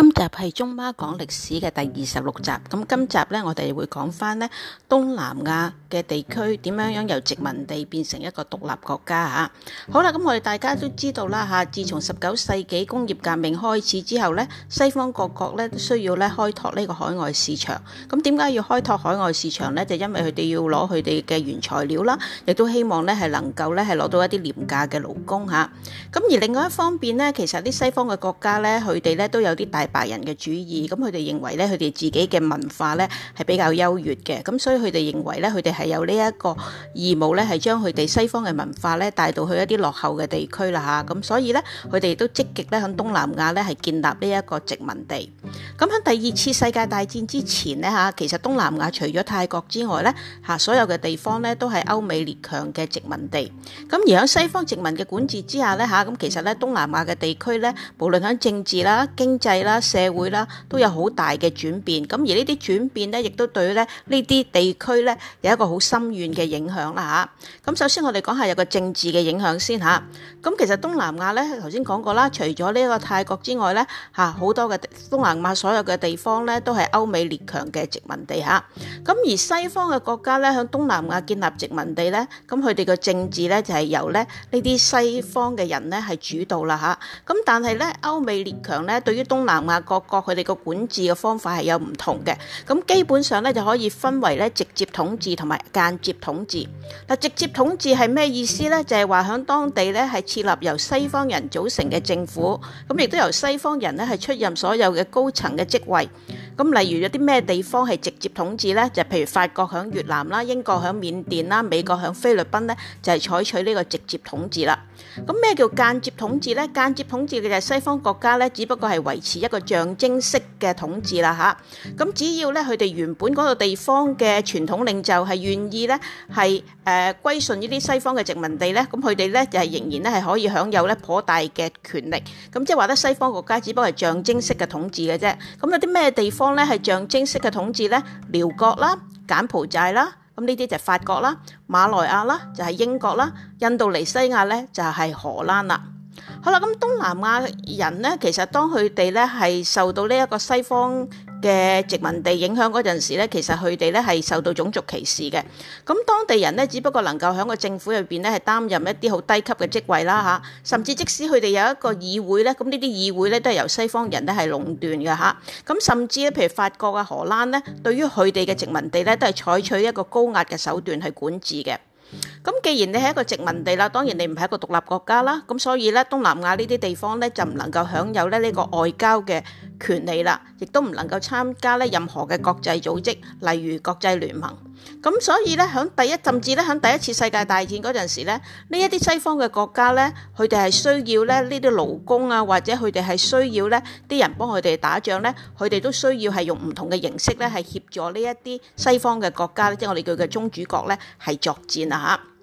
今集係中媽講歷史嘅第二十六集，咁今集咧，我哋會講翻咧東南亞嘅地區點樣樣由殖民地變成一個獨立國家嚇，好啦，咁我哋大家都知道啦嚇。自從十九世紀工業革命開始之後咧，西方各國咧都需要咧開拓呢個海外市場。咁點解要開拓海外市場呢？就因為佢哋要攞佢哋嘅原材料啦，亦都希望咧係能夠咧係攞到一啲廉價嘅勞工嚇。咁而另外一方面呢，其實啲西方嘅國家呢，佢哋咧都有啲大白人嘅主義。咁佢哋認為呢，佢哋自己嘅文化呢係比較優越嘅。咁所以佢哋認為呢，佢哋。係有呢一個義務咧，係將佢哋西方嘅文化咧帶到去一啲落後嘅地區啦吓，咁、啊、所以咧佢哋都積極咧喺東南亞咧係建立呢一個殖民地。咁喺第二次世界大戰之前咧吓、啊，其實東南亞除咗泰國之外咧吓、啊，所有嘅地方咧都係歐美列強嘅殖民地。咁而喺西方殖民嘅管治之下咧吓，咁、啊、其實咧東南亞嘅地區咧，無論喺政治啦、經濟啦、社會啦，都有好大嘅轉變。咁而這些轉呢啲轉變咧，亦都對咧呢啲地區咧有一個。好深遠嘅影響啦嚇，咁首先我哋講下有個政治嘅影響先嚇。咁其實東南亞咧，頭先講過啦，除咗呢個泰國之外咧，嚇好多嘅東南亞所有嘅地方咧，都係歐美列強嘅殖民地嚇。咁而西方嘅國家咧，向東南亞建立殖民地咧，咁佢哋嘅政治咧就係由咧呢啲西方嘅人咧係主導啦嚇。咁但係咧，歐美列強咧對於東南亞各國佢哋嘅管治嘅方法係有唔同嘅。咁基本上咧就可以分為咧直接統治同埋。間接統治，嗱直接統治係咩意思呢？就係話響當地咧係設立由西方人組成嘅政府，咁亦都由西方人咧係出任所有嘅高層嘅職位。咁例如有啲咩地方係直接統治咧？就譬如法國響越南啦、英國響緬甸啦、美國響菲律賓咧，就係採取呢個直接統治啦。咁咩叫間接統治咧？間接統治嘅就係西方國家咧，只不過係維持一個象徵式嘅統治啦吓，咁只要咧佢哋原本嗰個地方嘅傳統領袖係願意咧，係誒歸順呢啲西方嘅殖民地咧，咁佢哋咧就係仍然咧係可以享有咧頗大嘅權力。咁即係話得西方國家只不過係象徵式嘅統治嘅啫。咁有啲咩地方,方地？咧係象徵式嘅統治咧，寮國啦、柬埔寨啦，咁呢啲就法國啦、馬來亞啦，就係英國啦，印度尼西亞咧就係荷蘭啦。好啦，咁東南亞人咧，其實當佢哋咧係受到呢一個西方嘅殖民地影響嗰陣時咧，其實佢哋咧係受到種族歧視嘅。咁當地人咧，只不過能夠喺個政府入邊咧係擔任一啲好低級嘅職位啦吓，甚至即使佢哋有一個議會咧，咁呢啲議會咧都係由西方人咧係壟斷嘅吓，咁甚至咧，譬如法國啊、荷蘭咧，對於佢哋嘅殖民地咧，都係採取一個高壓嘅手段去管治嘅。咁既然你係一個殖民地啦，當然你唔係一個獨立國家啦，咁所以咧，東南亞呢啲地方咧就唔能夠享有咧呢個外交嘅權利啦，亦都唔能夠參加咧任何嘅國際組織，例如國際聯盟。咁所以咧，喺第一甚至咧，喺第一次世界大戰嗰陣時咧，呢一啲西方嘅國家咧，佢哋係需要咧呢啲勞工啊，或者佢哋係需要咧啲人幫佢哋打仗咧，佢哋都需要係用唔同嘅形式咧，係協助呢一啲西方嘅國家，即係我哋叫嘅宗主國咧，係作戰啊嚇。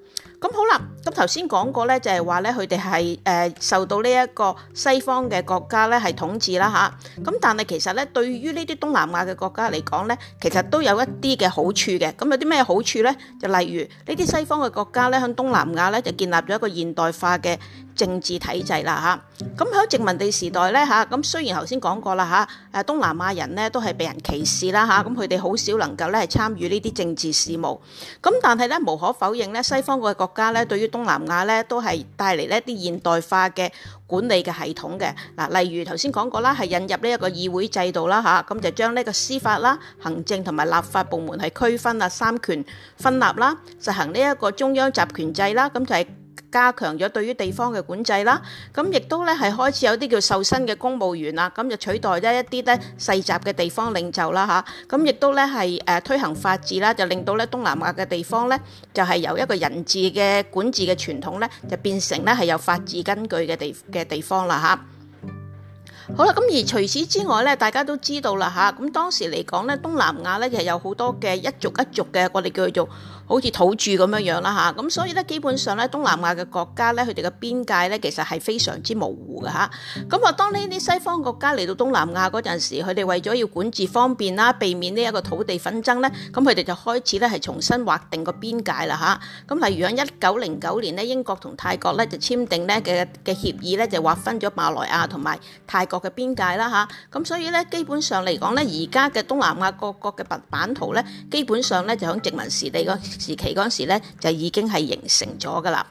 咁好啦，咁頭先講過咧，就係話咧，佢哋係誒受到呢一個西方嘅國家咧係統治啦吓。咁但係其實咧，對於呢啲東南亞嘅國家嚟講咧，其實都有一啲嘅好處嘅。咁有啲咩好處咧？就例如呢啲西方嘅國家咧，喺東南亞咧就建立咗一個現代化嘅政治體制啦吓。咁喺殖民地時代咧嚇，咁雖然頭先講過啦嚇，誒東南亞人咧都係被人歧視啦嚇，咁佢哋好少能夠咧係參與呢啲政治事務。咁但係咧，無可否認咧，西方嘅國家咧對於東南亞咧都係帶嚟呢啲現代化嘅管理嘅系統嘅嗱，例如頭先講過啦，係引入呢一個議會制度啦嚇，咁就將呢個司法啦、行政同埋立法部門係區分啊，三權分立啦，實行呢一個中央集權制啦，咁就係。加強咗對於地方嘅管制啦，咁亦都咧係開始有啲叫受薪嘅公務員啦，咁就取代咗一啲咧世襲嘅地方領袖啦吓，咁亦都咧係誒推行法治啦，就令到咧東南亞嘅地方咧就係由一個人治嘅管治嘅傳統咧，就變成咧係有法治根據嘅地嘅地方啦吓，好啦，咁而除此之外咧，大家都知道啦吓，咁當時嚟講咧，東南亞咧係有好多嘅一族一族嘅，我哋叫做。好似土著咁樣樣啦吓，咁所以咧基本上咧，東南亞嘅國家咧，佢哋嘅邊界咧，其實係非常之模糊嘅吓，咁啊，當呢啲西方國家嚟到東南亞嗰陣時，佢哋為咗要管治方便啦，避免呢一個土地紛爭咧，咁佢哋就開始咧係重新劃定個邊界啦吓，咁例如響一九零九年咧，英國同泰國咧就簽訂呢嘅嘅協議咧，就劃分咗馬來亞同埋泰國嘅邊界啦吓，咁所以咧，基本上嚟講咧，而家嘅東南亞各國嘅白版圖咧，基本上咧就響殖民時地個時期嗰陣時咧，就已經係形成咗噶啦。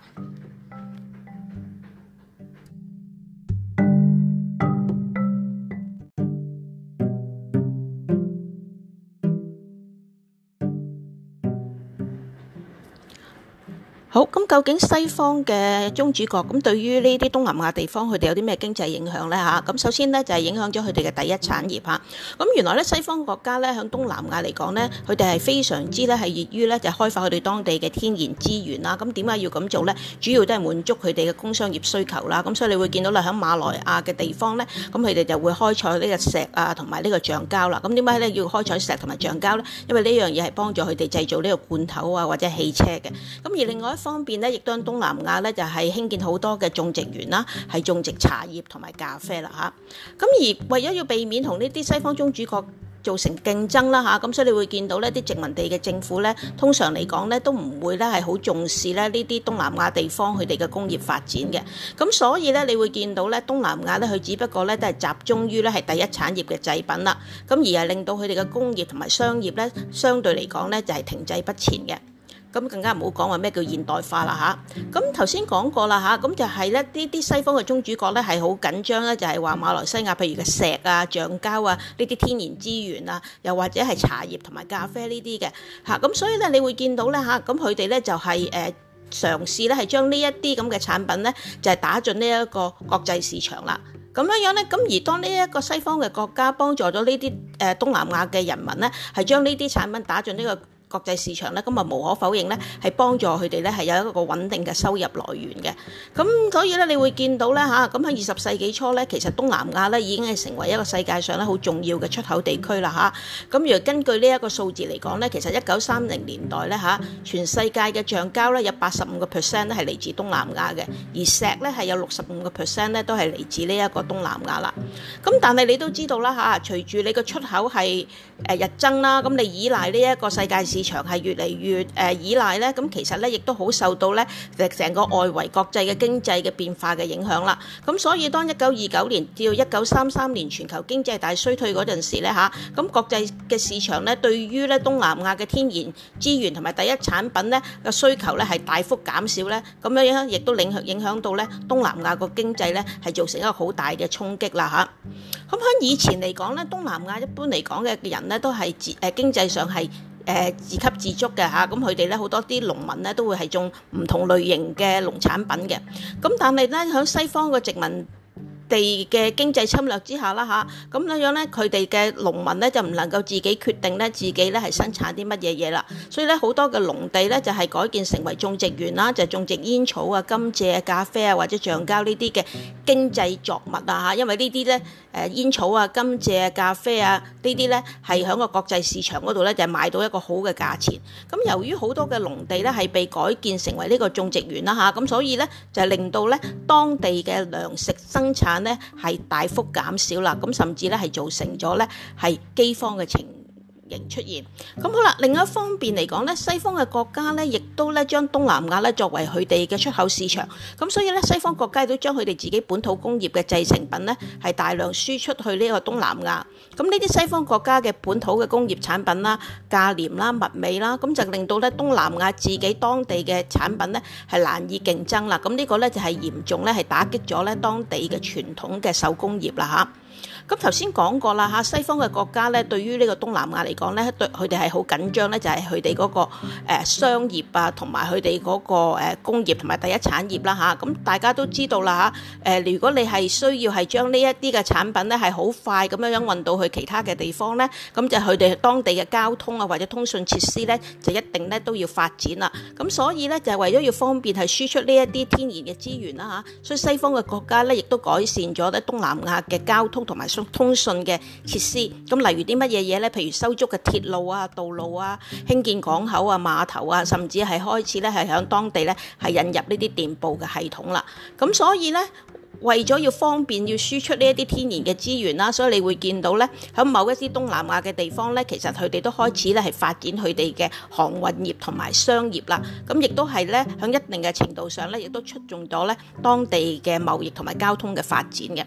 好咁，究竟西方嘅宗主角咁，對於呢啲東南亞地方，佢哋有啲咩經濟影響呢？嚇咁首先呢，就係、是、影響咗佢哋嘅第一產業嚇。咁原來咧，西方國家咧，喺東南亞嚟講呢，佢哋係非常之咧，係熱於咧，就開發佢哋當地嘅天然資源啦。咁點解要咁做呢？主要都係滿足佢哋嘅工商業需求啦。咁所以你會見到啦，喺馬來亞嘅地方呢，咁佢哋就會開採呢個石啊同埋呢個橡膠啦。咁點解咧，要開採石同埋橡膠呢？因為呢樣嘢係幫助佢哋製造呢個罐頭啊或者汽車嘅。咁而另外方便咧，亦都喺東南亞咧就係、是、興建好多嘅種植園啦，係種植茶葉同埋咖啡啦咁、啊、而為咗要避免同呢啲西方宗主國造成競爭啦咁、啊、所以你會見到呢啲殖民地嘅政府咧，通常嚟講咧都唔會咧係好重視咧呢啲東南亞地方佢哋嘅工業發展嘅。咁、啊、所以咧，你會見到咧東南亞咧，佢只不過咧都係集中於咧係第一產業嘅製品啦。咁、啊、而係令到佢哋嘅工業同埋商業咧，相對嚟講咧就係、是、停滯不前嘅。咁更加唔好講話咩叫現代化啦吓，咁頭先講過啦吓，咁就係咧呢啲西方嘅宗主國咧係好緊張咧，就係話馬來西亞譬如嘅石啊、橡膠啊呢啲天然資源啊，又或者係茶葉同埋咖啡呢啲嘅吓，咁所以咧你會見到咧吓，咁佢哋咧就係誒嘗試咧係將呢一啲咁嘅產品咧就係打進呢一個國際市場啦。咁樣樣咧，咁而當呢一個西方嘅國家幫助咗呢啲誒東南亞嘅人民咧，係將呢啲產品打進呢個。國際市場咧，咁啊無可否認咧，係幫助佢哋咧係有一個穩定嘅收入來源嘅。咁所以咧，你會見到咧吓，咁喺二十世紀初咧，其實東南亞咧已經係成為一個世界上咧好重要嘅出口地區啦嚇。咁如根據這數呢一個數字嚟講咧，其實一九三零年代咧吓，全世界嘅橡膠咧有八十五個 percent 咧係嚟自東南亞嘅，而石咧係有六十五個 percent 咧都係嚟自呢一個東南亞啦。咁但係你都知道啦吓，隨住你嘅出口係誒日增啦，咁你依賴呢一個世界市場。市場係越嚟越誒、呃、依賴咧，咁其實咧亦都好受到咧成成個外圍國際嘅經濟嘅變化嘅影響啦。咁所以當一九二九年至到一九三三年全球經濟大衰退嗰陣時咧嚇，咁、啊、國際嘅市場咧對於咧東南亞嘅天然資源同埋第一產品咧嘅需求咧係大幅減少咧，咁樣影響亦都影響影響到咧東南亞個經濟咧係造成一個好大嘅衝擊啦嚇。咁、啊、喺以前嚟講咧，東南亞一般嚟講嘅人咧都係誒、呃、經濟上係。誒自給自足嘅，嚇，咁佢哋咧好多啲農民咧都會係種唔同類型嘅農產品嘅，咁、啊、但係咧喺西方嘅殖民地嘅經濟侵略之下啦嚇，咁樣樣咧，佢哋嘅農民咧就唔能夠自己決定咧，自己咧係生產啲乜嘢嘢啦。所以咧好多嘅農地咧就係改建成為種植園啦，就係種植煙草啊、甘蔗啊、咖啡啊或者橡膠呢啲嘅經濟作物啊嚇。因為呢啲咧誒煙草啊、甘蔗啊、咖啡啊呢啲咧係喺個國際市場嗰度咧就係賣到一個好嘅價錢。咁由於好多嘅農地咧係被改建成為呢個種植園啦嚇，咁所以咧就係令到咧當地嘅糧食生產咧係大幅減少啦，咁甚至咧係造成咗咧係饑荒嘅情。仍出現咁好啦。另一方面嚟講咧，西方嘅國家咧，亦都咧將東南亞咧作為佢哋嘅出口市場。咁所以咧，西方國家都將佢哋自己本土工業嘅製成品咧，係大量輸出去呢個東南亞。咁呢啲西方國家嘅本土嘅工業產品啦，價廉啦、物美啦，咁就令到咧東南亞自己當地嘅產品咧係難以競爭啦。咁呢個咧就係嚴重咧係打擊咗咧當地嘅傳統嘅手工業啦嚇。咁頭先講過啦嚇，西方嘅國家咧，對於呢個東南亞嚟講咧，對佢哋係好緊張咧，就係佢哋嗰個誒商業啊，同埋佢哋嗰個誒工業同埋第一產業啦嚇，咁大家都知道啦嚇，誒如果你係需要係將呢一啲嘅產品咧，係好快咁樣樣運到去其他嘅地方咧，咁就佢哋當地嘅交通啊或者通訊設施咧，就一定咧都要發展啦。咁所以咧就係為咗要方便係輸出呢一啲天然嘅資源啦嚇，所以西方嘅國家咧亦都改善咗咧東南亞嘅交通同埋通訊嘅設施，咁例如啲乜嘢嘢咧？譬如修築嘅鐵路啊、道路啊，興建港口啊、碼頭啊，甚至係開始咧，係響當地咧，係引入呢啲電報嘅系統啦。咁所以咧，為咗要方便要輸出呢一啲天然嘅資源啦，所以你會見到咧，響某一啲東南亞嘅地方咧，其實佢哋都開始咧係發展佢哋嘅航運業同埋商業啦。咁亦都係咧，響一定嘅程度上咧，亦都促進咗咧當地嘅貿易同埋交通嘅發展嘅。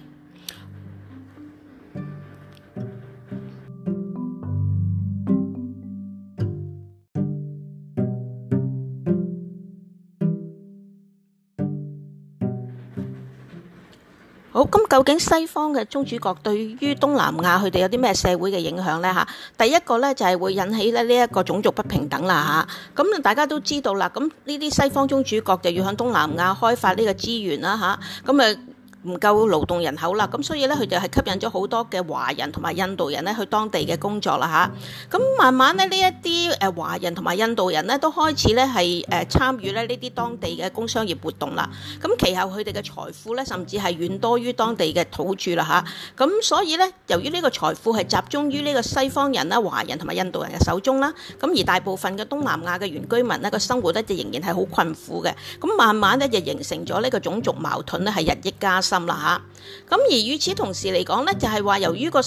好，咁究竟西方嘅宗主國對於東南亞佢哋有啲咩社會嘅影響呢？第一個呢，就係會引起咧呢一個種族不平等啦嚇。咁大家都知道啦，咁呢啲西方宗主國就要向東南亞開發呢個資源啦嚇。咁唔夠勞動人口啦，咁所以咧佢哋係吸引咗好多嘅華人同埋印度人呢去當地嘅工作啦嚇。咁慢慢咧呢一啲誒華人同埋印度人呢都開始咧係誒參與咧呢啲當地嘅工商業活動啦。咁其後佢哋嘅財富咧甚至係遠多於當地嘅土著啦嚇。咁所以咧由於呢個財富係集中於呢個西方人啦、華人同埋印度人嘅手中啦，咁而大部分嘅東南亞嘅原居民呢個生活咧就仍然係好困苦嘅。咁慢慢咧就形成咗呢個種族矛盾咧係日益加深。咁、嗯，而與此同時嚟講呢就係、是、話由於個呢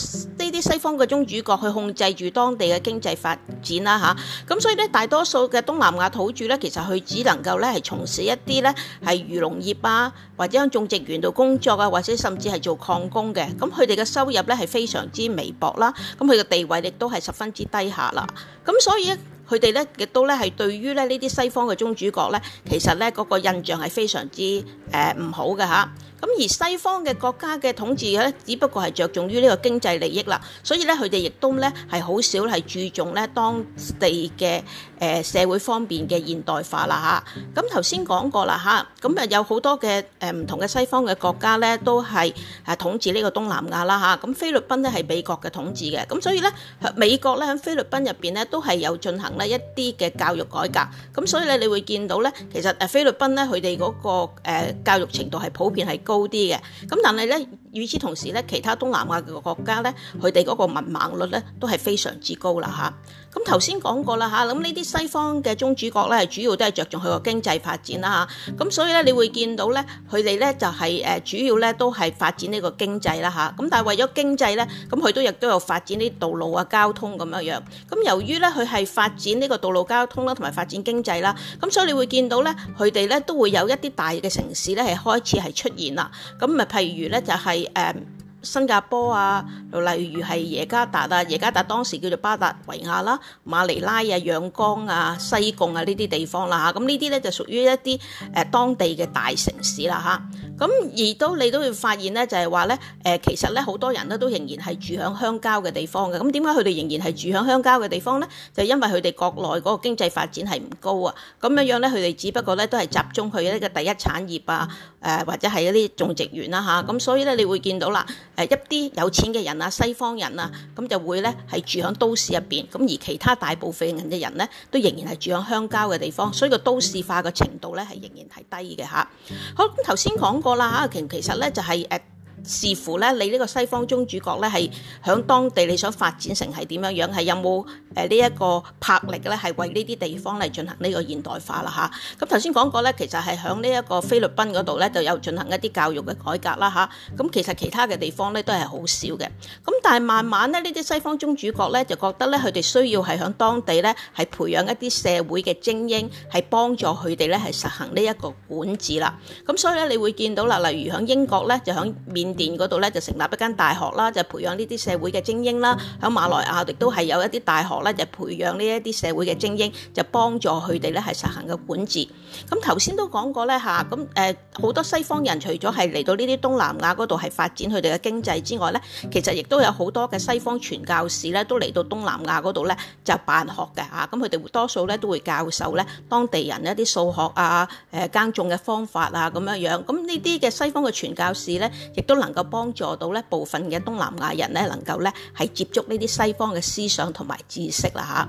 啲西方嘅宗主國去控制住當地嘅經濟發展啦嚇，咁、嗯、所以咧大多數嘅東南亞土著呢，其實佢只能夠咧係從事一啲呢係漁農業啊，或者喺種植園度工作啊，或者甚至係做礦工嘅。咁佢哋嘅收入呢，係非常之微薄啦。咁佢嘅地位亦都係十分之低下啦。咁、嗯、所以咧佢哋呢亦都咧係對於咧呢啲西方嘅宗主國呢，其實呢嗰、那個印象係非常之誒唔、呃、好嘅嚇。咁而西方嘅國家嘅統治咧，只不過係着重於呢個經濟利益啦，所以咧佢哋亦都咧係好少係注重咧當地嘅社會方面嘅現代化啦吓，咁頭先講過啦吓，咁有好多嘅唔同嘅西方嘅國家咧，都係誒統治呢個東南亞啦吓，咁菲律賓咧係美國嘅統治嘅，咁所以咧美國咧喺菲律賓入面咧都係有進行咧一啲嘅教育改革，咁所以咧你會見到咧，其實菲律賓咧佢哋嗰個教育程度係普遍係高啲嘅，咁但係咧，與此同時咧，其他東南亞嘅國家咧，佢哋嗰個文盲率咧，都係非常之高啦吓。咁頭先講過啦吓，咁呢啲西方嘅宗主國咧，主要都係着重佢個經濟發展啦吓，咁所以咧，你會見到咧，佢哋咧就係誒主要咧都係發展呢個經濟啦吓，咁但係為咗經濟咧，咁佢都亦都有發展啲道路啊，交通咁樣樣。咁由於咧佢係發展呢個道路交通啦，同埋發展經濟啦，咁所以你會見到咧，佢哋咧都會有一啲大嘅城市咧係開始係出現啦。咁咪譬如咧就係誒新加坡啊，例如係耶加達啊，耶加達當時叫做巴達維亞啦，馬尼拉啊、仰光啊、西貢啊呢啲地方啦嚇，咁呢啲咧就屬於一啲誒當地嘅大城市啦嚇。咁而都你都會發現咧，就係話咧誒，其實咧好多人咧都仍然係住響鄉郊嘅地方嘅。咁點解佢哋仍然係住響鄉郊嘅地方咧？就因為佢哋國內嗰個經濟發展係唔高啊。咁樣樣咧，佢哋只不過咧都係集中去一啲嘅第一產業啊，誒或者係一啲種植園啦嚇。咁所以咧，你會見到啦。一啲有錢嘅人啊，西方人啊，咁就會咧係住喺都市入邊，咁而其他大部分嘅人咧，都仍然係住喺鄉郊嘅地方，所以個都市化嘅程度咧係仍然係低嘅吓，好，咁頭先講過啦阿其其實咧就係誒視乎咧，你呢個西方宗主國咧係喺當地你想發展成係點樣樣，係有冇誒呢一個魄力咧，係為呢啲地方嚟進行呢個現代化啦吓，咁頭先講過咧，其實係喺呢一個菲律賓嗰度咧，就有進行一啲教育嘅改革啦吓，咁其實其他嘅地方咧都係好少嘅。咁但係慢慢咧，呢啲西方宗主國咧就覺得咧，佢哋需要係喺當地咧係培養一啲社會嘅精英，係幫助佢哋咧係實行呢一個管治啦。咁所以咧，你會見到啦，例如喺英國咧就喺面電嗰度咧就成立一間大學啦，就培養呢啲社會嘅精英啦。響馬來亞亦都係有一啲大學咧，就培養呢一啲社會嘅精英，就幫助佢哋咧係實行嘅管治。咁頭先都講過咧吓，咁誒好多西方人除咗係嚟到呢啲東南亞嗰度係發展佢哋嘅經濟之外咧，其實亦都有好多嘅西方傳教士咧都嚟到東南亞嗰度咧就辦學嘅吓，咁佢哋多數咧都會教授咧當地人一啲數學啊、誒耕種嘅方法啊咁樣樣，咁呢啲嘅西方嘅傳教士咧，亦都。能夠幫助到咧部分嘅東南亞人咧，能夠咧係接觸呢啲西方嘅思想同埋知識啦吓。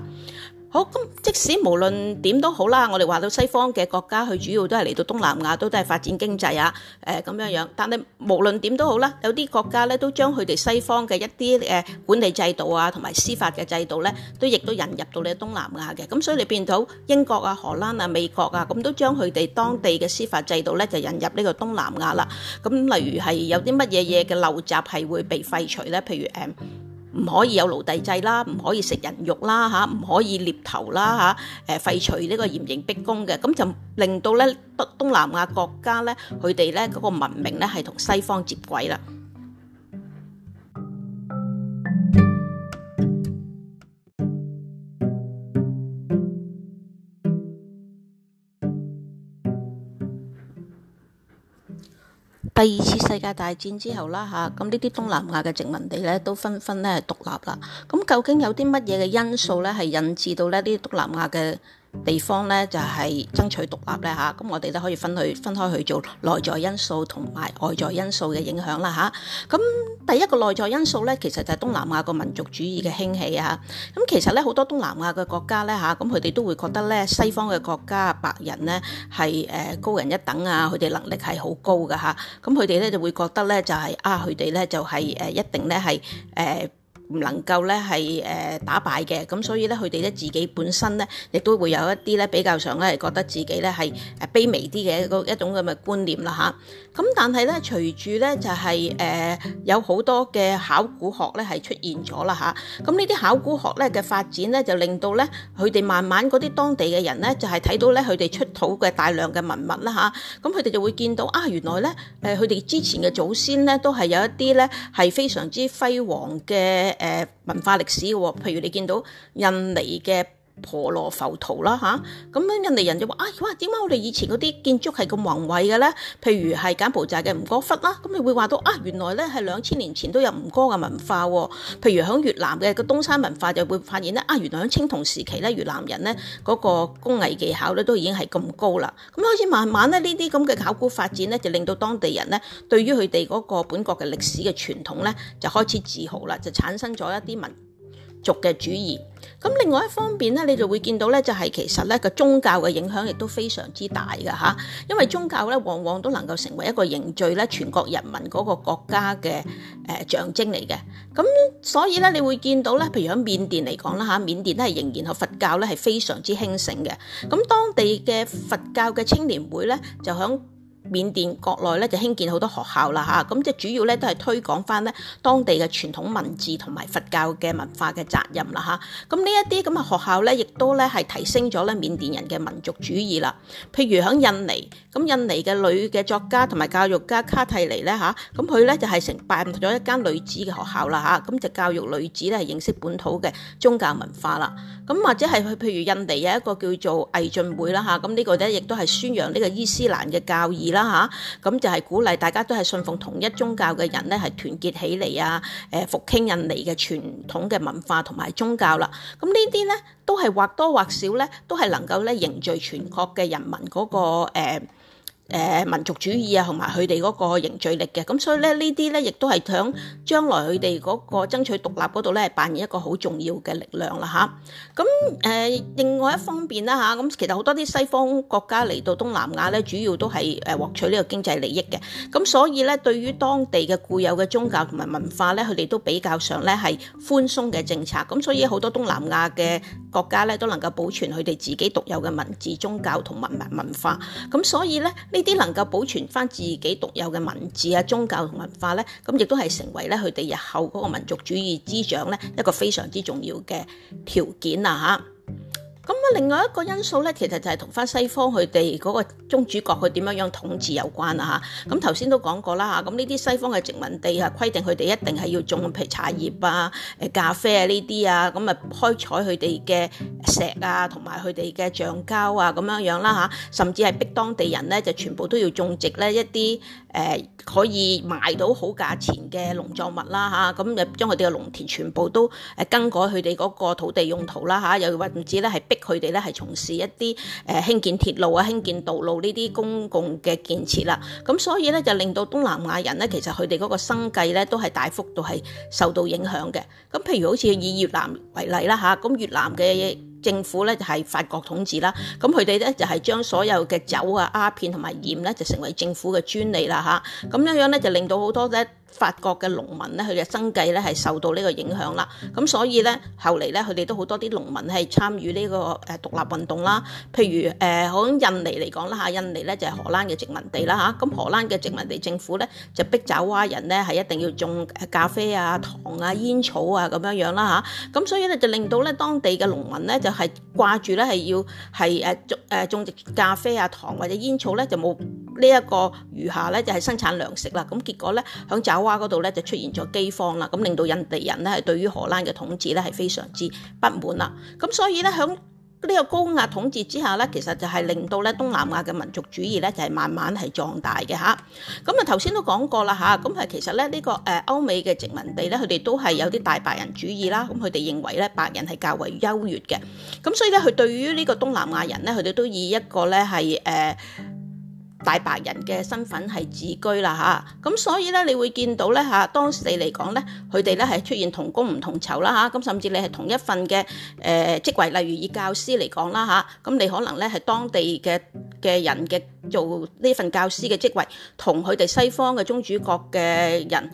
好，咁，即使無論點都好啦，我哋話到西方嘅國家，佢主要都係嚟到東南亞，都都係發展經濟啊，呃、咁樣樣。但係無論點都好啦，有啲國家咧，都將佢哋西方嘅一啲呃管理制度啊，同埋司法嘅制度咧，都亦都引入到你東南亞嘅。咁所以你變到英國啊、荷蘭啊、美國啊，咁都將佢哋當地嘅司法制度咧，就引入呢個東南亞啦。咁例如係有啲乜嘢嘢嘅陋習係會被廢除咧？譬如、嗯唔可以有奴隸制啦，唔可以食人肉啦嚇，唔可以獵頭啦嚇，誒廢除呢個嚴刑逼供嘅，咁就令到咧北東南亞國家咧，佢哋咧嗰個文明咧係同西方接軌啦。第二次世界大戰之後啦吓，咁呢啲東南亞嘅殖民地咧都紛紛咧獨立啦。咁究竟有啲乜嘢嘅因素咧，係引致到咧啲東南亞嘅？地方咧就係爭取獨立咧嚇，咁我哋都可以分去分開去做內在因素同埋外在因素嘅影響啦嚇。咁第一個內在因素咧，其實就係東南亞個民族主義嘅興起啊。咁其實咧好多東南亞嘅國家咧嚇，咁佢哋都會覺得咧西方嘅國家白人咧係誒高人一等啊，佢哋能力係好高㗎嚇。咁佢哋咧就會覺得咧就係、是、啊，佢哋咧就係誒一定咧係、呃唔能夠咧係誒打敗嘅，咁所以咧佢哋咧自己本身咧，亦都會有一啲咧比較上咧係覺得自己咧係誒卑微啲嘅一個一種咁嘅觀念啦吓。咁但係咧隨住咧就係誒有好多嘅考古學咧係出現咗啦吓。咁呢啲考古學咧嘅發展咧就令到咧佢哋慢慢嗰啲當地嘅人咧就係睇到咧佢哋出土嘅大量嘅文物啦吓。咁佢哋就會見到啊原來咧誒佢哋之前嘅祖先咧都係有一啲咧係非常之輝煌嘅。誒，文化歷史喎，譬如你見到印尼嘅。婆羅浮屠啦嚇，咁、啊、樣印尼人就話啊哇，點解我哋以前嗰啲建築係咁宏偉嘅咧？譬如係柬埔寨嘅吳哥窟啦，咁你會話到啊，原來咧係兩千年前都有吳哥嘅文化喎。譬如喺越南嘅個東山文化，就會發現咧啊，原來喺青銅時期咧，越南人咧嗰個工藝技巧咧都已經係咁高啦。咁開始慢慢咧呢啲咁嘅考古發展咧，就令到當地人咧對於佢哋嗰個本國嘅歷史嘅傳統咧，就開始自豪啦，就產生咗一啲民族嘅主義。咁另外一方面咧，你就會見到咧，就係其實咧個宗教嘅影響亦都非常之大嘅吓，因為宗教咧往往都能夠成為一個凝聚咧全國人民嗰個國家嘅誒、呃、象徵嚟嘅。咁所以咧，你會見到咧，譬如喺緬甸嚟講啦吓，緬甸係仍然學佛教咧係非常之興盛嘅。咁當地嘅佛教嘅青年會咧就響。緬甸國內咧就興建好多學校啦嚇，咁即係主要咧都係推廣翻咧當地嘅傳統文字同埋佛教嘅文化嘅責任啦嚇，咁呢一啲咁嘅學校咧，亦都咧係提升咗咧緬甸人嘅民族主義啦。譬如喺印尼，咁印尼嘅女嘅作家同埋教育家卡蒂尼咧嚇，咁佢咧就係成辦咗一間女子嘅學校啦嚇，咁就教育女子咧認識本土嘅宗教文化啦。咁或者係譬如印尼有一個叫做毅進會啦嚇，咁呢個咧亦都係宣揚呢個伊斯蘭嘅教義啦嚇，咁就係鼓勵大家都係信奉同一宗教嘅人咧，係團結起嚟啊！誒，復興印尼嘅傳統嘅文化同埋宗教啦。咁呢啲咧都係或多或少咧，都係能夠咧凝聚全國嘅人民嗰個、那個、誒誒、呃、民族主義啊，同埋佢哋嗰個凝聚力嘅，咁所以咧呢啲咧亦都係響將來佢哋嗰個爭取獨立嗰度咧，扮演一個好重要嘅力量啦吓，咁誒、呃、另外一方面啦吓，咁、啊、其實好多啲西方國家嚟到東南亞咧，主要都係誒獲取呢個經濟利益嘅。咁所以咧，對於當地嘅固有嘅宗教同埋文化咧，佢哋都比較上咧係寬鬆嘅政策。咁所以好多東南亞嘅國家咧，都能夠保存佢哋自己獨有嘅文字、宗教同埋文化。咁所以咧呢。啲能夠保存翻自己獨有嘅文字啊、宗教同文化咧，咁亦都係成為咧佢哋日後嗰個民族主義之長咧一個非常之重要嘅條件啊吓。咁啊，另外一個因素咧，其實就係同翻西方佢哋嗰個宗主國佢點樣樣統治有關啊，咁頭先都講過啦嚇，咁呢啲西方嘅殖民地啊，規定佢哋一定係要種譬如茶葉啊、誒咖啡啊呢啲啊，咁啊開採佢哋嘅石啊，同埋佢哋嘅橡膠啊咁樣樣啦嚇，甚至係逼當地人咧就全部都要種植咧一啲。誒可以賣到好價錢嘅農作物啦嚇，咁又將佢哋嘅農田全部都誒更改佢哋嗰個土地用途啦嚇，又或者咧係逼佢哋咧係從事一啲誒興建鐵路啊、興建道路呢啲公共嘅建設啦，咁所以咧就令到東南亞人咧其實佢哋嗰個生計咧都係大幅度係受到影響嘅。咁譬如好似以越南為例啦吓，咁越南嘅，政府呢就係法國統治啦，咁佢哋呢就係將所有嘅酒呀、鴉片同埋鹽呢就成為政府嘅專利啦嚇，咁樣樣呢就令到好多啫。法國嘅農民咧，佢嘅生計咧係受到呢個影響啦。咁所以咧，後嚟咧，佢哋都好多啲農民係參與呢個誒獨立運動啦。譬如誒，響、呃、印尼嚟講啦嚇，印尼咧就係、是、荷蘭嘅殖民地啦嚇。咁荷蘭嘅殖民地政府咧就逼爪哇人咧，係一定要種咖啡啊、糖啊、煙草啊咁樣樣啦嚇。咁所以咧就令到咧當地嘅農民咧就係掛住咧係要係誒種誒種植咖啡啊、糖啊或者煙草咧就冇。呢一個餘下咧就係生產糧食啦，咁結果咧喺爪哇嗰度咧就出現咗饑荒啦，咁令到印地人咧係對於荷蘭嘅統治咧係非常之不滿啦。咁所以咧喺呢個高壓統治之下咧，其實就係令到咧東南亞嘅民族主義咧就係慢慢係壯大嘅吓，咁啊頭先都講過啦吓，咁係其實咧呢個誒歐美嘅殖民地咧，佢哋都係有啲大白人主義啦，咁佢哋認為咧白人係較為優越嘅，咁所以咧佢對於呢個東南亞人咧，佢哋都以一個咧係誒。呃大白人嘅身份係自居啦嚇，咁所以咧，你會見到咧嚇當時嚟講咧，佢哋咧係出現同工唔同酬啦嚇。咁甚至你係同一份嘅誒職位，例如以教師嚟講啦嚇，咁你可能咧係當地嘅嘅人嘅做呢份教師嘅職位，同佢哋西方嘅宗主國嘅人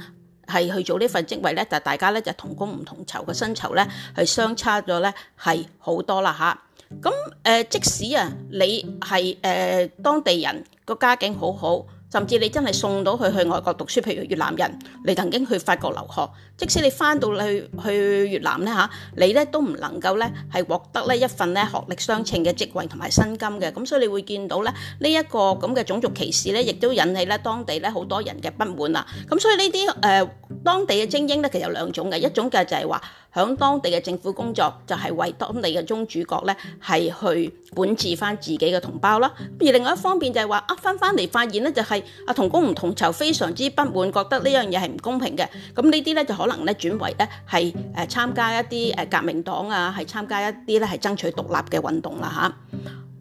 係去做呢份職位咧，就大家咧就同工唔同酬嘅薪酬咧係相差咗咧係好多啦嚇。咁誒，即使啊你係誒、呃、當地人。個家境好好，甚至你真係送到佢去外國讀書，譬如越南人，你曾經去法國留學，即使你翻到去去越南咧、啊、你咧都唔能夠咧係獲得呢一份咧學歷相稱嘅職位同埋薪金嘅，咁所以你會見到咧呢一個咁嘅種族歧視咧，亦都引起咧當地咧好多人嘅不滿啦。咁所以呢啲誒當地嘅精英咧，其實有兩種嘅，一種嘅就係話。喺當地嘅政府工作就係、是、為當地嘅宗主角宗主國，咧，係去管治翻自己嘅同胞啦。而另外一方面就係話啊，翻翻嚟發現咧，就係、是、啊同工唔同酬，非常之不滿，覺得呢樣嘢係唔公平嘅。咁呢啲咧就可能咧轉為咧係誒參加一啲誒革命黨啊，係參加一啲咧係爭取獨立嘅運動啦吓，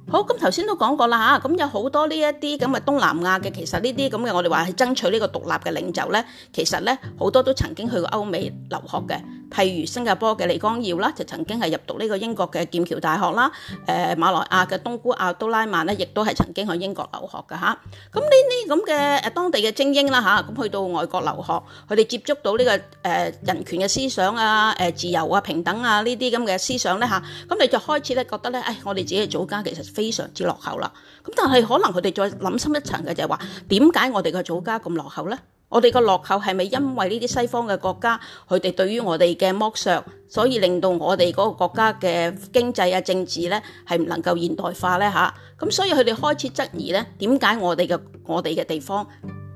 好，咁頭先都講過啦吓，咁有好多呢一啲咁嘅東南亞嘅，其實呢啲咁嘅我哋話係爭取呢個獨立嘅領袖咧，其實咧好多都曾經去過歐美留學嘅。譬如新加坡嘅李光耀啦，就曾經係入讀呢個英國嘅劍橋大學啦。誒馬來亞嘅東姑阿都拉曼咧，亦都係曾經去英國留學㗎。吓，咁呢啲咁嘅誒當地嘅精英啦吓，咁去到外國留學，佢哋接觸到呢個誒人權嘅思想啊、自由啊、平等啊呢啲咁嘅思想咧吓，咁你就開始咧覺得咧，誒、哎、我哋自己嘅祖家其實非常之落後啦。咁但係可能佢哋再諗深一層嘅就係、是、話，點解我哋嘅祖家咁落後咧？我哋個落後係咪因為呢啲西方嘅國家佢哋對於我哋嘅剝削，所以令到我哋嗰個國家嘅經濟啊、政治呢係唔能夠現代化呢？吓？咁所以佢哋開始質疑呢，點解我哋嘅我哋嘅地方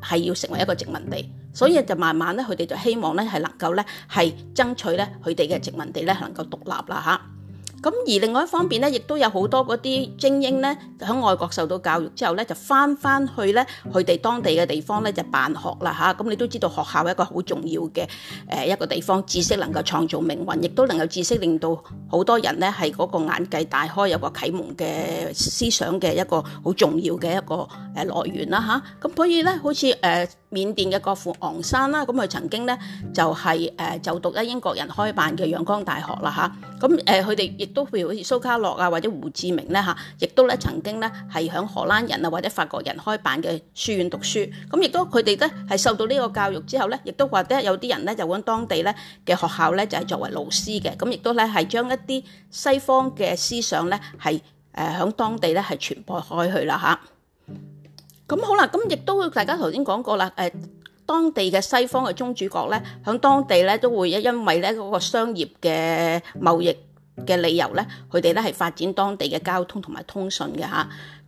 係要成為一個殖民地？所以就慢慢咧，佢哋就希望呢係能夠呢係爭取呢佢哋嘅殖民地呢能夠獨立啦吓。咁而另外一方面咧，亦都有好多嗰啲精英咧，喺外國受到教育之後咧，就翻翻去咧佢哋當地嘅地方咧就辦學啦吓，咁、啊、你都知道學校一個好重要嘅誒、呃、一個地方，知識能夠創造命運，亦都能夠知識令到好多人咧係嗰個眼界大開有個啟蒙嘅思想嘅一個好重要嘅一個誒來源啦吓，咁、啊、所以咧，好似誒緬甸嘅國父昂山啦，咁、啊、佢曾經咧就係、是、誒、呃、就讀咧英國人開辦嘅仰光大學啦吓，咁、啊、誒，佢哋亦～、呃都譬如好似蘇卡諾啊，或者胡志明咧嚇，亦都咧曾經咧係喺荷蘭人啊或者法國人開辦嘅書院讀書，咁亦都佢哋咧係受到呢個教育之後咧，亦都話得有啲人咧就揾當地咧嘅學校咧就係作為老師嘅，咁亦都咧係將一啲西方嘅思想咧係誒喺當地咧係傳播開去啦吓，咁好啦，咁亦都大家頭先講過啦，誒當地嘅西方嘅宗主國咧，喺當地咧都會因因為咧嗰個商業嘅貿易嘅理由咧，佢哋咧係發展當地嘅交通同埋通訊㗎。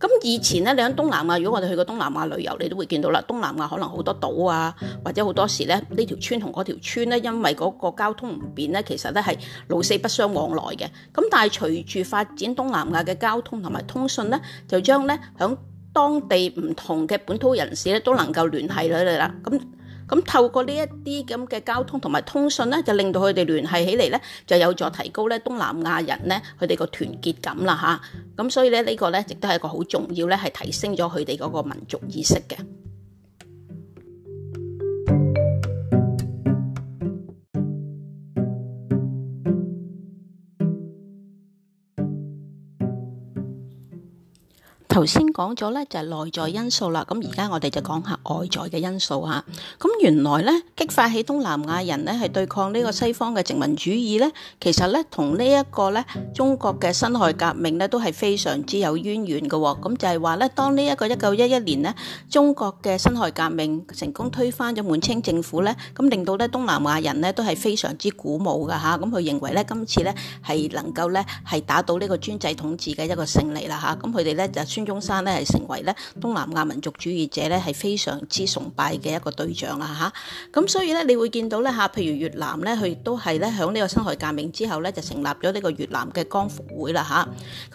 咁以前咧，你喺東南亞，如果我哋去過東南亞旅遊，你都會見到啦。東南亞可能好多島啊，或者好多時咧，呢條村同嗰條村咧，因為嗰個交通唔便咧，其實咧係老死不相往來嘅。咁但係隨住發展東南亞嘅交通同埋通訊咧，就將咧響當地唔同嘅本土人士咧，都能夠聯繫起嚟啦。咁咁透過呢一啲咁嘅交通同埋通訊咧，就令到佢哋聯繫起嚟咧，就有助提高咧東南亞人咧佢哋個團結感啦吓，咁所以咧呢個咧，亦都係一個好重要咧，係提升咗佢哋嗰個民族意識嘅。頭先講咗咧就係內在因素啦，咁而家我哋就講下外在嘅因素嚇。咁原來咧激發起東南亞人咧係對抗呢個西方嘅殖民主義咧，其實咧同呢一個咧中國嘅辛亥革命咧都係非常之有淵源嘅喎。咁就係話咧，當呢一個一九一一年呢，中國嘅辛亥革命成功推翻咗滿清政府咧，咁令到咧東南亞人咧都係非常之鼓舞嘅嚇。咁佢認為咧今次咧係能夠咧係打倒呢個專制統治嘅一個勝利啦嚇。咁佢哋咧就宣中，中山咧係成為咧東南亞民族主義者咧係非常之崇拜嘅一個對象啦吓，咁所以咧你會見到咧吓，譬如越南咧，佢都係咧響呢個辛亥革命之後咧就成立咗呢個越南嘅光復會啦吓，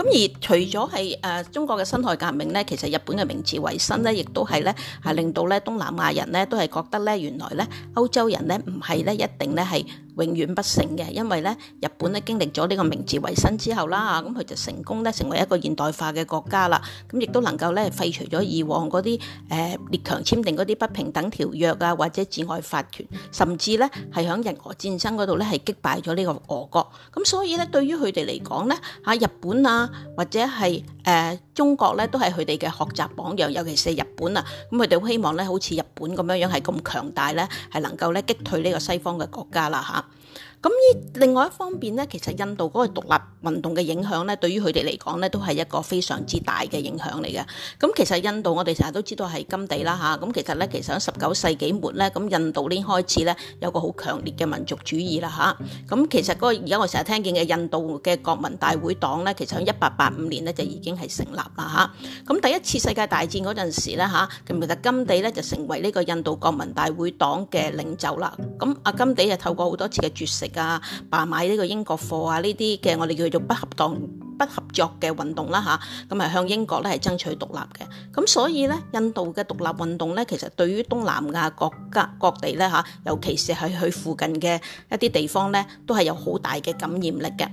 咁而除咗係誒中國嘅辛亥革命咧，其實日本嘅明治維新咧，亦都係咧係令到咧東南亞人咧都係覺得咧原來咧歐洲人咧唔係咧一定咧係永遠不勝嘅，因為咧日本咧經歷咗呢個明治維新之後啦，咁佢就成功咧成為一個現代化嘅國家啦。咁亦都能夠咧廢除咗以往嗰啲誒列強簽訂嗰啲不平等條約啊，或者治外法權，甚至咧係響日俄戰爭嗰度咧係擊敗咗呢個俄國。咁所以咧對於佢哋嚟講咧嚇，日本啊或者係誒中國咧都係佢哋嘅學習榜樣，尤其是日本啊，咁佢哋好希望咧好似日本咁樣樣係咁強大咧，係能夠咧擊退呢個西方嘅國家啦嚇。咁呢另外一方面咧，其實印度嗰個獨立運動嘅影響咧，對於佢哋嚟講咧，都係一個非常之大嘅影響嚟嘅。咁其實印度我哋成日都知道係甘地啦,吓，咁其實咧，其實喺十九世紀末咧，咁印度呢開始咧有個好強烈嘅民族主義啦吓，咁其實嗰個而家我成日聽見嘅印度嘅國民大會黨咧，其實喺一八八五年咧就已經係成立啦吓，咁第一次世界大戰嗰陣時咧吓，咁其實甘地咧就成為呢個印度國民大會黨嘅領袖啦。咁阿甘地就透過好多次嘅絕食。噶罷、啊、買呢個英國貨啊，呢啲嘅我哋叫做不合當、不合作嘅運動啦、啊、吓，咁啊向英國咧係爭取獨立嘅。咁所以咧，印度嘅獨立運動咧，其實對於東南亞國家各地咧吓、啊，尤其是係佢附近嘅一啲地方咧，都係有好大嘅感染力嘅。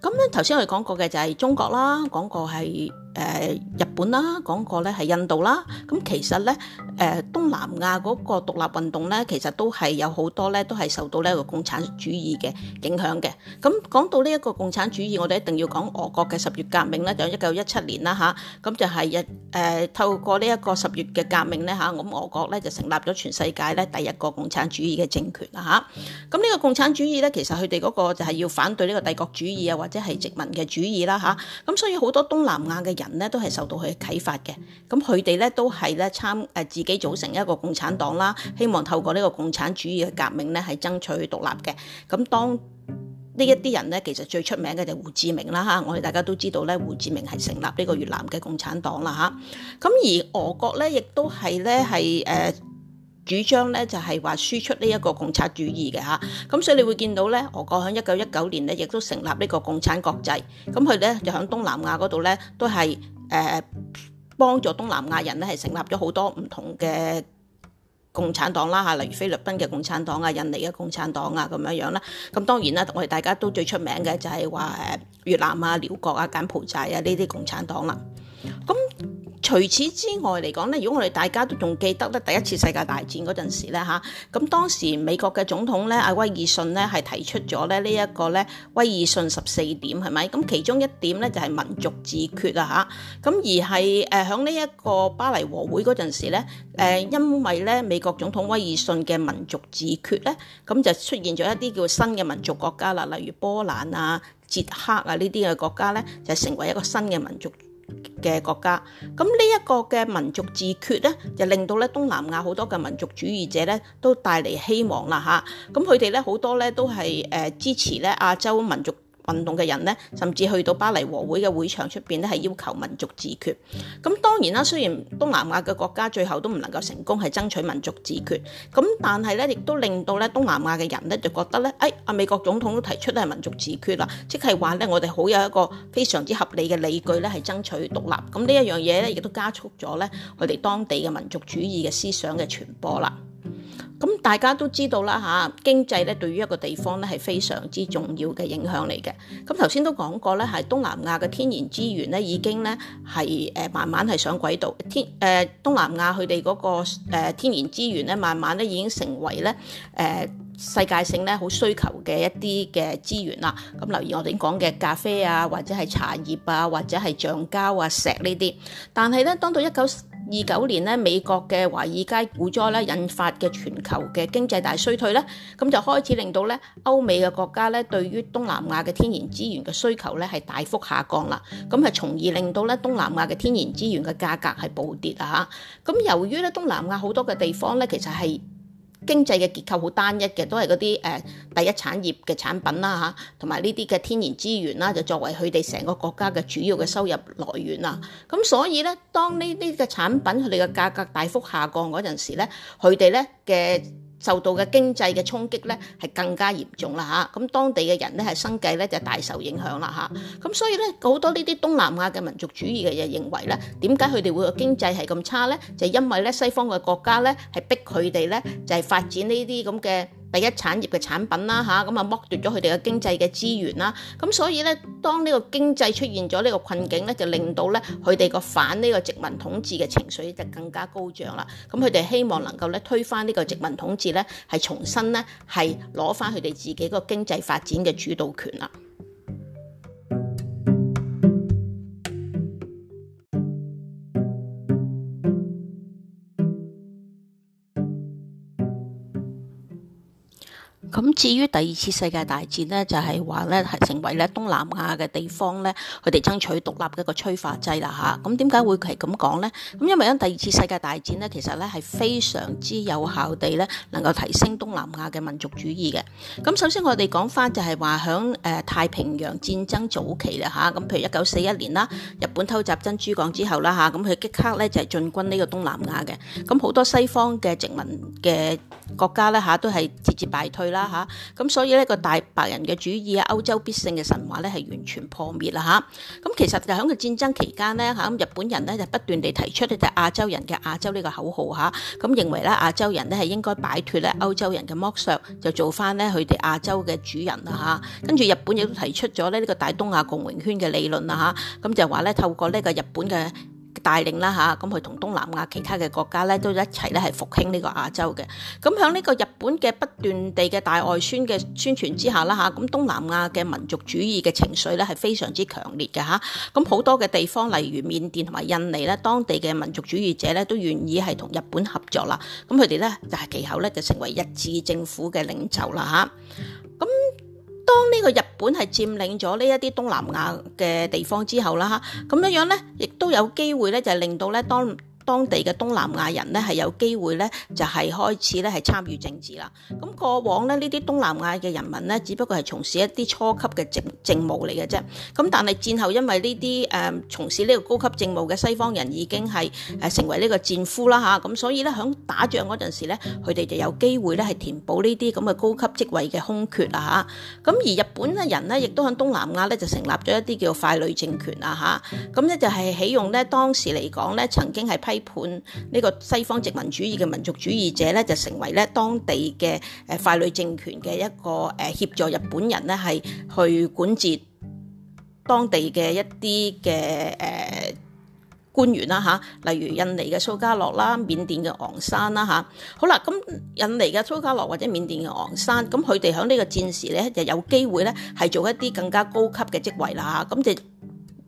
咁咧，頭先我哋講過嘅就係中國啦，講過係。誒日本啦，講過咧係印度啦，咁其實咧誒東南亞嗰個獨立運動咧，其實都係有好多咧，都係受到呢個共產主義嘅影響嘅。咁講到呢一個共產主義，我哋一定要講俄國嘅十月革命咧，就一九一七年啦吓，咁就係一誒透過呢一個十月嘅革命咧吓，咁俄國咧就成立咗全世界咧第一個共產主義嘅政權啦吓，咁、這、呢個共產主義咧，其實佢哋嗰個就係要反對呢個帝國主義啊，或者係殖民嘅主義啦吓，咁所以好多東南亞嘅人，人咧都係受到佢嘅啟發嘅，咁佢哋咧都係咧參誒自己組成一個共產黨啦，希望透過呢個共產主義嘅革命咧，係爭取去獨立嘅。咁當呢一啲人咧，其實最出名嘅就胡志明啦嚇，我哋大家都知道咧，胡志明係成立呢個越南嘅共產黨啦嚇。咁而俄國咧，亦都係咧係誒。主張咧就係、是、話輸出呢一個共產主義嘅嚇，咁所以你會見到咧，俄國喺一九一九年咧亦都成立呢個共產國際，咁佢咧就喺東南亞嗰度咧都係誒、呃、幫助東南亞人咧係成立咗好多唔同嘅共產黨啦嚇，例如菲律賓嘅共產黨啊、印尼嘅共產黨啊咁樣樣啦，咁當然啦，我哋大家都最出名嘅就係話誒越南啊、寮國啊、柬埔寨啊呢啲共產黨啦、啊，咁。除此之外嚟講咧，如果我哋大家都仲記得咧，第一次世界大戰嗰陣時咧嚇，咁當時美國嘅總統咧，阿威爾遜咧係提出咗咧呢一個咧威爾遜十四點係咪？咁其中一點咧就係民族自決啊嚇。咁而係誒響呢一個巴黎和會嗰陣時咧，誒因為咧美國總統威爾遜嘅民族自決咧，咁就出現咗一啲叫新嘅民族國家啦，例如波蘭啊、捷克啊呢啲嘅國家咧，就成為一個新嘅民族。嘅國家，咁呢一個嘅民族自決咧，就令到咧東南亞好多嘅民族主義者咧，都帶嚟希望啦吓，咁佢哋咧好多咧都係誒支持咧亞洲民族運動嘅人呢，甚至去到巴黎和會嘅會場出邊呢，係要求民族自決。咁當然啦，雖然東南亞嘅國家最後都唔能夠成功係爭取民族自決，咁但係咧，亦都令到咧東南亞嘅人咧就覺得咧，誒、哎，阿美國總統都提出係民族自決啦，即係話咧我哋好有一個非常之合理嘅理據咧係爭取獨立。咁呢一樣嘢咧，亦都加速咗咧我哋當地嘅民族主義嘅思想嘅傳播啦。咁大家都知道啦吓，經濟咧對於一個地方咧係非常之重要嘅影響嚟嘅。咁頭先都講過咧，係東南亞嘅天然資源咧已經咧係誒慢慢係上軌道。天誒、呃、東南亞佢哋嗰個誒天然資源咧慢慢咧已經成為咧誒。呃世界性咧好需求嘅一啲嘅資源啦，咁例如我哋啱講嘅咖啡啊，或者係茶葉啊，或者係橡膠啊、石呢啲。但係咧，當到一九二九年咧，美國嘅華爾街股災咧引發嘅全球嘅經濟大衰退咧，咁就開始令到咧歐美嘅國家咧對於東南亞嘅天然資源嘅需求咧係大幅下降啦，咁係從而令到咧東南亞嘅天然資源嘅價格係暴跌啊。咁由於咧東南亞好多嘅地方咧其實係經濟嘅結構好單一嘅，都係嗰啲誒第一產業嘅產品啦嚇，同埋呢啲嘅天然資源啦，就作為佢哋成個國家嘅主要嘅收入來源啦。咁所以咧，當呢啲嘅產品佢哋嘅價格大幅下降嗰陣時咧，佢哋咧嘅受到嘅經濟嘅衝擊咧，係更加嚴重啦嚇，咁當地嘅人咧係生計咧就大受影響啦嚇，咁所以咧好多呢啲東南亞嘅民族主義嘅人認為咧，點解佢哋會個經濟係咁差咧？就係、因為咧西方嘅國家咧係逼佢哋咧就係發展呢啲咁嘅。第一產業嘅產品啦嚇，咁啊剝奪咗佢哋嘅經濟嘅資源啦，咁所以咧，當呢個經濟出現咗呢個困境咧，就令到咧佢哋個反呢個殖民統治嘅情緒就更加高漲啦。咁佢哋希望能夠咧推翻呢個殖民統治咧，係重新咧係攞翻佢哋自己個經濟發展嘅主導權啦。咁至於第二次世界大戰咧，就係話咧係成為咧東南亞嘅地方咧，佢哋爭取獨立嘅一個催化劑啦吓，咁點解會係咁講咧？咁、啊、因為喺第二次世界大戰咧，其實咧係非常之有效地咧，能夠提升東南亞嘅民族主義嘅。咁、啊、首先我哋講翻就係話喺誒太平洋戰爭早期啦吓，咁、啊、譬如一九四一年啦，日本偷襲珍珠港之後啦吓，咁、啊、佢即刻咧就係進軍呢個東南亞嘅。咁、啊、好多西方嘅殖民嘅國家咧嚇，都係節節敗退啦嚇，咁所以呢個大白人嘅主義啊、歐洲必勝嘅神話咧係完全破滅啦嚇。咁其實喺個戰爭期間咧嚇，咁日本人咧就不斷地提出咧就亞洲人嘅亞洲呢個口號嚇，咁認為咧亞洲人咧係應該擺脱咧歐洲人嘅剝削，就做翻咧佢哋亞洲嘅主人啦嚇。跟住日本亦都提出咗咧呢個大東亞共榮圈嘅理論啦嚇，咁就話咧透過呢個日本嘅帶領啦嚇，咁佢同東南亞其他嘅國家咧都一齊咧係復興呢個亞洲嘅。咁喺呢個日本嘅不斷地嘅大外宣嘅宣傳之下啦嚇，咁東南亞嘅民族主義嘅情緒咧係非常之強烈嘅。嚇咁好多嘅地方，例如緬甸同埋印尼咧，當地嘅民族主義者咧都願意係同日本合作啦。咁佢哋咧就係其後咧就成為日治政府嘅領袖啦嚇咁當呢個日本係佔領咗呢一啲東南亞嘅地方之後啦，嚇咁樣樣咧，亦都有機會咧，就係、是、令到咧，當。當地嘅東南亞人呢，係有機會呢，就係、是、開始呢，係參與政治啦。咁過往呢，呢啲東南亞嘅人民呢，只不過係從事一啲初級嘅政政務嚟嘅啫。咁但係戰後因為呢啲誒從事呢個高級政務嘅西方人已經係、呃、成為呢個戰俘啦吓。咁、啊、所以呢，喺打仗嗰陣時呢，佢哋就有機會呢，係填補呢啲咁嘅高級職位嘅空缺啦吓。咁、啊、而日本嘅人呢，亦都喺東南亞呢，就成立咗一啲叫傀儡政權啦吓。咁呢，啊啊、就係起用呢，當時嚟講呢，曾經係批。批判呢個西方殖民主義嘅民族主義者咧，就成為咧當地嘅誒傀儡政權嘅一個誒協助日本人咧，係去管治當地嘅一啲嘅誒官員啦嚇，例如印尼嘅蘇加洛啦、緬甸嘅昂山啦嚇。好啦，咁印尼嘅蘇加洛或者緬甸嘅昂山，咁佢哋喺呢個戰時咧就有機會咧係做一啲更加高級嘅職位啦嚇。咁就。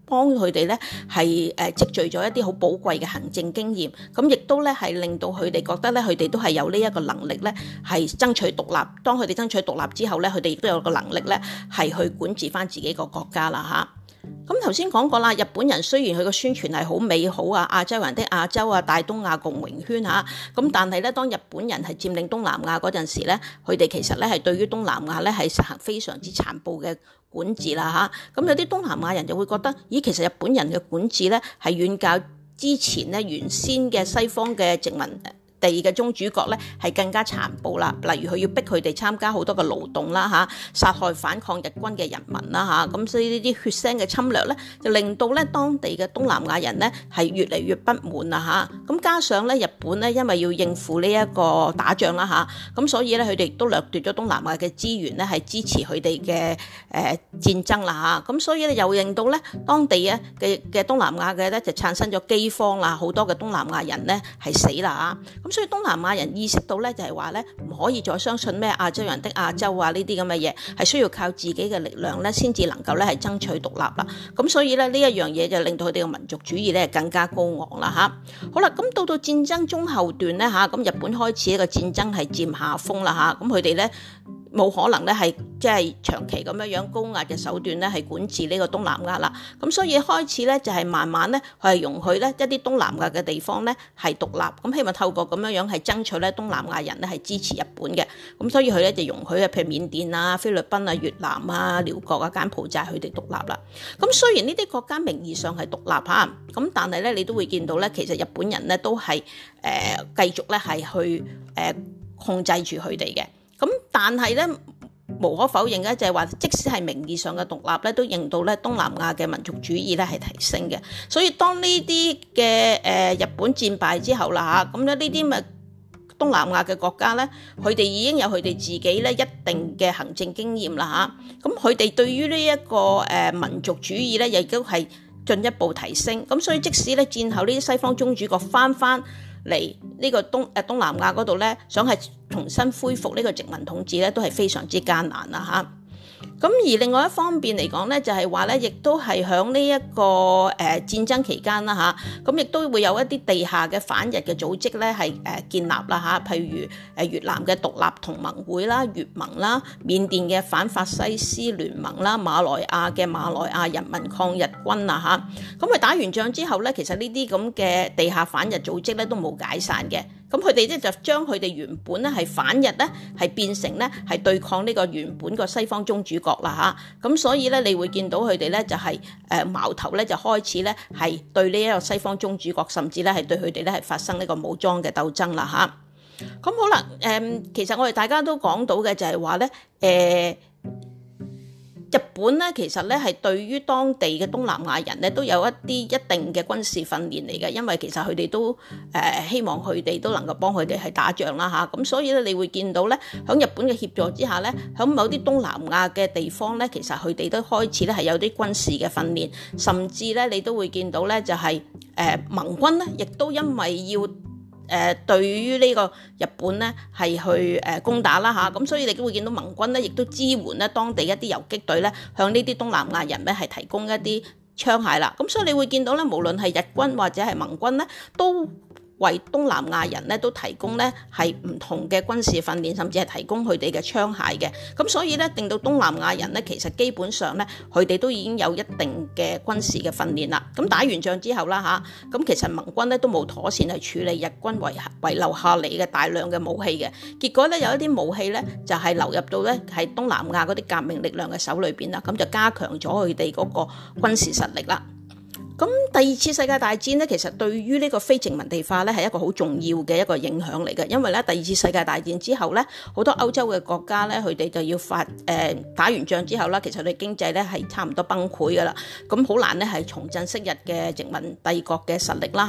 幫佢哋咧係誒積聚咗一啲好寶貴嘅行政經驗，咁亦都咧係令到佢哋覺得咧佢哋都係有呢一個能力咧係爭取獨立。當佢哋爭取獨立之後咧，佢哋亦都有個能力咧係去管治翻自己個國家啦吓，咁頭先講過啦，日本人雖然佢個宣傳係好美好啊，亞洲人的亞洲啊，大東亞共榮圈吓。咁但係咧當日本人係佔領東南亞嗰陣時咧，佢哋其實咧係對於東南亞咧係實行非常之殘暴嘅管治啦吓，咁有啲東南亞人就會覺得，咦，其實日本人嘅管治咧係遠較之前咧原先嘅西方嘅殖民。第二個宗主角咧係更加殘暴啦，例如佢要逼佢哋參加好多嘅勞動啦嚇，殺害反抗日軍嘅人民啦嚇，咁所以呢啲血腥嘅侵略咧，就令到咧當地嘅東南亞人呢，係越嚟越不滿啦嚇。咁加上咧日本咧，因為要應付呢一個打仗啦嚇，咁所以咧佢哋亦都掠奪咗東南亞嘅資源咧，係支持佢哋嘅誒戰爭啦嚇。咁所以咧又令到咧當地嘅嘅東南亞嘅咧就產生咗饑荒啦，好多嘅東南亞人呢，係死啦嚇。咁所以東南亞人意識到咧，就係話咧唔可以再相信咩亞洲人的亞洲啊，呢啲咁嘅嘢係需要靠自己嘅力量咧，先至能夠咧係爭取獨立啦。咁所以咧呢呢一樣嘢就令到佢哋嘅民族主義咧更加高昂啦吓，好啦，咁到到戰爭中後段咧吓，咁日本開始一個戰爭係佔下風啦吓，咁佢哋咧。冇可能咧，係即係長期咁樣樣高壓嘅手段咧，係管治呢個東南亞啦。咁所以開始咧，就係慢慢咧，佢係容許咧一啲東南亞嘅地方咧係獨立。咁希望透過咁樣樣係爭取咧東南亞人咧係支持日本嘅。咁所以佢咧就容許啊，譬如緬甸啊、菲律賓啊、越南啊、寮國啊、柬埔寨佢哋獨立啦。咁雖然呢啲國家名義上係獨立嚇，咁但係咧你都會見到咧，其實日本人咧都係誒繼續咧係去、呃、控制住佢哋嘅。咁但係咧，無可否認咧，就係話即使係名義上嘅獨立咧，都認到咧東南亞嘅民族主義咧係提升嘅。所以當呢啲嘅誒日本戰敗之後啦嚇，咁咧呢啲咪東南亞嘅國家咧，佢哋已經有佢哋自己咧一定嘅行政經驗啦嚇。咁佢哋對於呢一個誒民族主義咧，亦都係進一步提升。咁所以即使咧戰後呢啲西方宗主國翻翻嚟呢個東、啊、東南亞嗰度呢，想係重新恢復呢個殖民統治呢，都係非常之艱難啊。咁而另外一方面嚟講咧，就係話咧，亦都係響呢一個誒戰爭期間啦嚇，咁亦都會有一啲地下嘅反日嘅組織咧，係誒建立啦嚇，譬如誒越南嘅獨立同盟會啦、越盟啦、緬甸嘅反法西斯聯盟啦、馬來亞嘅馬來亞人民抗日軍啊嚇，咁啊打完仗之後咧，其實呢啲咁嘅地下反日組織咧都冇解散嘅。咁佢哋即就將佢哋原本咧係反日咧係變成咧係對抗呢個原本個西方宗主國啦吓，咁所以咧，你會見到佢哋咧就係誒矛頭咧就開始咧係對呢一個西方宗主國，甚至咧係對佢哋咧係發生呢個武裝嘅鬥爭啦吓。咁好啦，誒，其實我哋大家都講到嘅就係話咧，誒、欸。日本咧，其實咧係對於當地嘅東南亞人咧，都有一啲一定嘅軍事訓練嚟嘅，因為其實佢哋都誒、呃、希望佢哋都能夠幫佢哋去打仗啦吓，咁所以咧，你會見到咧，喺日本嘅協助之下咧，喺某啲東南亞嘅地方咧，其實佢哋都開始咧係有啲軍事嘅訓練，甚至咧你都會見到咧就係、是、誒、呃、盟軍咧，亦都因為要。誒、呃、對於呢個日本咧係去、呃、攻打啦，咁所以你都會見到盟軍咧，亦都支援咧當地一啲游擊隊咧，向呢啲東南亞人咧係提供一啲槍械啦。咁所以你會見到咧，啊，無論係日軍或者係盟軍咧，都。為東南亞人咧都提供咧係唔同嘅軍事訓練，甚至係提供佢哋嘅槍械嘅。咁所以咧，令到東南亞人咧其實基本上咧，佢哋都已經有一定嘅軍事嘅訓練啦。咁打完仗之後啦吓，咁其實盟軍咧都冇妥善去處理日軍遺遺留下嚟嘅大量嘅武器嘅。結果咧有一啲武器咧就係流入到咧係東南亞嗰啲革命力量嘅手裏邊啦，咁就加強咗佢哋嗰個軍事實力啦。咁第二次世界大戰咧，其實對於呢個非殖民地化咧係一個好重要嘅一個影響嚟嘅，因為咧第二次世界大戰之後咧，好多歐洲嘅國家咧，佢哋就要發誒、呃、打完仗之後啦，其實佢哋經濟咧係差唔多崩潰噶啦，咁好難咧係重振昔日嘅殖民帝國嘅實力啦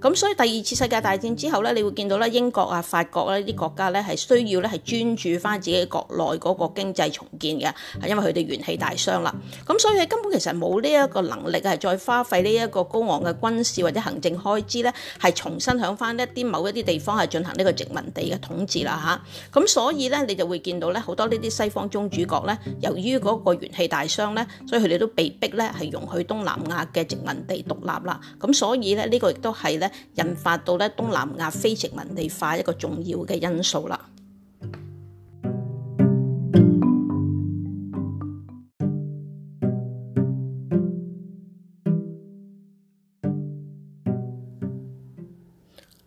吓，咁所以第二次世界大戰之後咧，你會見到咧英國啊、法國啊呢啲國家咧係需要咧係專注翻自己國內嗰個經濟重建嘅，係因為佢哋元氣大傷啦。咁所以根本其實冇呢一個能力係再花費。呢一個高昂嘅軍事或者行政開支咧，係重新響翻一啲某一啲地方係進行呢個殖民地嘅統治啦嚇，咁所以咧你就會見到咧好多呢啲西方宗主國咧，由於嗰個元氣大傷咧，所以佢哋都被逼咧係容許東南亞嘅殖民地獨立啦，咁所以咧呢，呢個亦都係咧引發到咧東南亞非殖民地化一個重要嘅因素啦。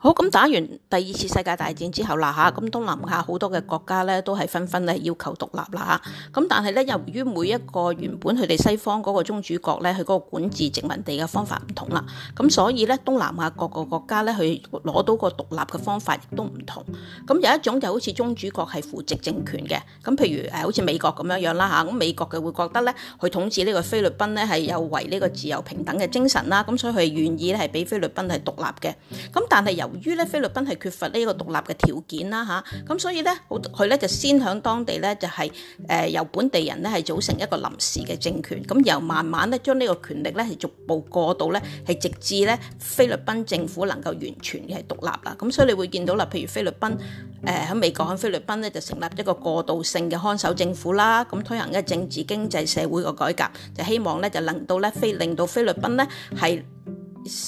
好，咁打完第二次世界大戰之後啦嚇，咁東南亞好多嘅國家咧都係紛紛咧要求獨立啦嚇。咁但係咧由於每一個原本佢哋西方嗰個宗主國咧，佢嗰個管治殖民地嘅方法唔同啦，咁所以咧東南亞各個國家咧，佢攞到個獨立嘅方法亦都唔同。咁有一種就好似宗主國係扶植政權嘅，咁譬如誒好似美國咁樣樣啦嚇，咁美國嘅會覺得咧，佢統治呢個菲律賓咧係有為呢個自由平等嘅精神啦，咁所以佢願意咧係俾菲律賓係獨立嘅。咁但係由由於咧菲律賓係缺乏呢一個獨立嘅條件啦吓，咁所以咧佢咧就先喺當地咧就係誒由本地人咧係組成一個臨時嘅政權，咁由慢慢咧將呢個權力咧係逐步過渡咧，係直至咧菲律賓政府能夠完全係獨立啦。咁所以你會見到啦，譬如菲律賓誒喺美國喺菲律賓咧就成立一個過渡性嘅看守政府啦，咁推行一政治經濟社會嘅改革，就希望咧就令到咧菲令到菲律賓咧係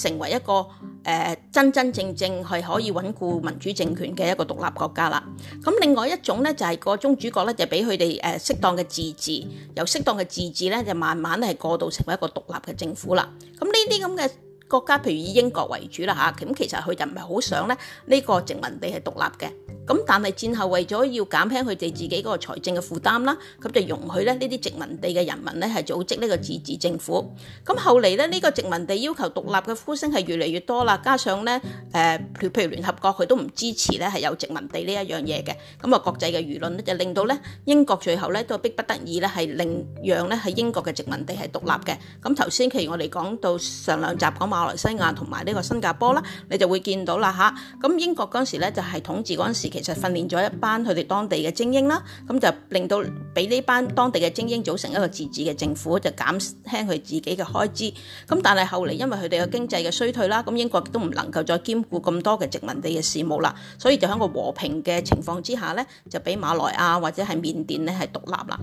成為一個。誒、呃、真真正正係可以穩固民主政權嘅一個獨立國家啦。咁另外一種咧就係，是，宗主國咧就俾佢哋誒適當嘅自治，由適當嘅自治咧就慢慢係過渡成為一個獨立嘅政府啦。咁呢啲咁嘅。國家譬如以英國為主啦嚇，咁其實佢就唔係好想咧呢個殖民地係獨立嘅。咁但係戰後為咗要減輕佢哋自己嗰個財政嘅負擔啦，咁就容許咧呢啲殖民地嘅人民咧係組織呢個自治政府。咁後嚟咧呢個殖民地要求獨立嘅呼聲係越嚟越多啦，加上咧誒譬如譬如聯合國佢都唔支持咧係有殖民地呢一樣嘢嘅。咁啊，國際嘅輿論咧就令到咧英國最後咧都逼不得已咧係令讓咧喺英國嘅殖民地係獨立嘅。咁頭先其實我哋講到上兩集講話。馬來西亞同埋呢個新加坡啦，你就會見到啦吓。咁英國嗰陣時咧，就係統治嗰陣時，其實訓練咗一班佢哋當地嘅精英啦，咁就令到俾呢班當地嘅精英組成一個自治嘅政府，就減輕佢自己嘅開支。咁但係後嚟因為佢哋嘅經濟嘅衰退啦，咁英國都唔能夠再兼顧咁多嘅殖民地嘅事務啦，所以就喺個和平嘅情況之下咧，就俾馬來亞或者係緬甸咧係獨立啦。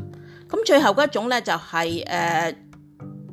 咁最後嗰一種咧就係、是、誒。呃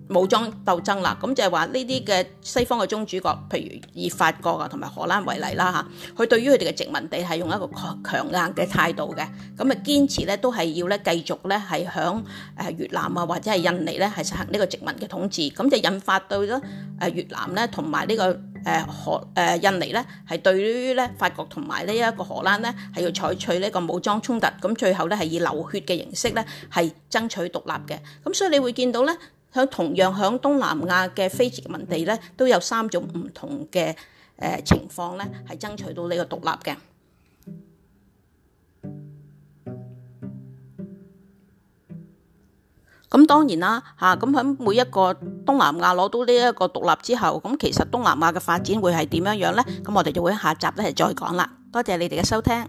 武裝鬥爭啦，咁就係話呢啲嘅西方嘅宗主國，譬如以法國啊同埋荷蘭為例啦嚇，佢對於佢哋嘅殖民地係用一個強硬嘅態度嘅，咁啊堅持咧都係要咧繼續咧係響誒越南啊或者係印尼咧係實行呢個殖民嘅統治，咁就引發到咗誒越南咧同埋呢個誒荷誒印尼咧係對於咧法國同埋呢一個荷蘭咧係要採取呢個武裝衝突，咁最後咧係以流血嘅形式咧係爭取獨立嘅，咁所以你會見到咧。喺同樣喺東南亞嘅非殖民地咧，都有三種唔同嘅誒情況咧，係爭取到呢個獨立嘅。咁當然啦，嚇咁喺每一個東南亞攞到呢一個獨立之後，咁其實東南亞嘅發展會係點樣樣咧？咁我哋就會喺下集咧係再講啦。多謝你哋嘅收聽。